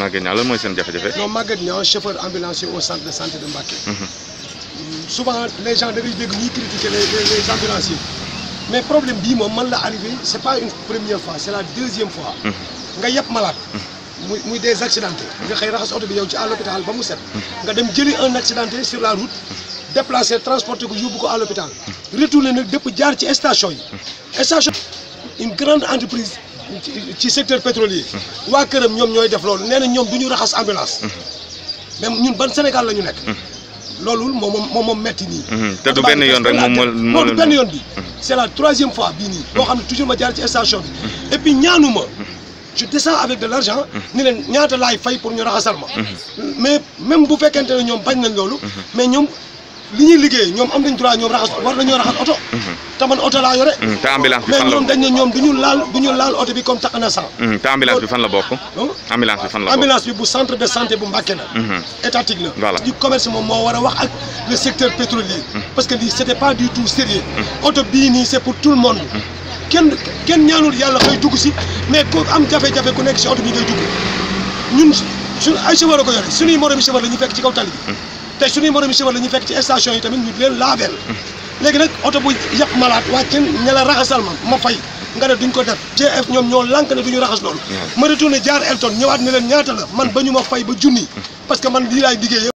Maguette Niang lan mooy seen jafe-jafe. non Maguette Niang chauffeur ambulancier au centre de santé de Mbacké. Mhm. souvent les gens dañuy dégg ñuy critiquer les les ambulanciers mais problème bii moom man la arrivé c' est pas une première fois c' est la deuxième fois. Mhm. nga yeb malade. Mhm. muy muy des accidentés. nga xëy raxas oto bi yow ci à l'hôpital ba mu set. nga dem jëli un accidenté sur la route. déplacer transporter ko yóbbu ko à l'hôpital retourné nag dëpp jaar ci station yi. station une grande entreprise. ci secteur pétrolier. waa këram ñoom ñooy def loolu nee na ñoom du ñu raxas ambulance. même ñun ban Sénégal la ñu nekk. loolu moom moom moom metti nii. te du benn yoon rek moom moo du benn yoon bi. c' la troisième fois bii nii. boo xam ne toujours ma jaar ci station bi. et puis ñaanu ma. avec de l' argent. ni leen ñaata laay fay pour ñu raxasal ma. mais même bu fekkente ne ñoom bañ nañ loolu. mais ñoom. li ñuy liggéey ñoom am nañ droit ñoom raxas war nañoo raxas oto. Mhm. te man laa yore. Mhm. te ambulance bi fan la mais ñoom mhm. bi fan la bokk. ambulance bi bu centre de santé bu Mbacké la. étatique la. voilà du moom moo war a wax ak le secteur pétrolier. parce que lii c'était pas du tout sérieux. oto bii nii c'est pour tout le monde. kenn kenn ñaanul yàlla koy dugg si mais ku am jafe-jafe ku nekk si oto bi ngay dugg ñun ay chauffeur a ko yore suñuy moromi chauffeur ñu fekk ci kaw tali te suñuy moromi chauffeur la ñu fekk ci station yi tamit ñu di leen laabeel léegi nag oto bu yàpp malaat wàccin ña raxasal ma ma fay nga ne duñ ko def GF ñoom ñoo lànk ne duñu raxas loolu ma retourné jaar Elton ñëwaat ne leen ñaata la man ba ñu ma fay ba junni mm. parce que man lii laay liggéeyee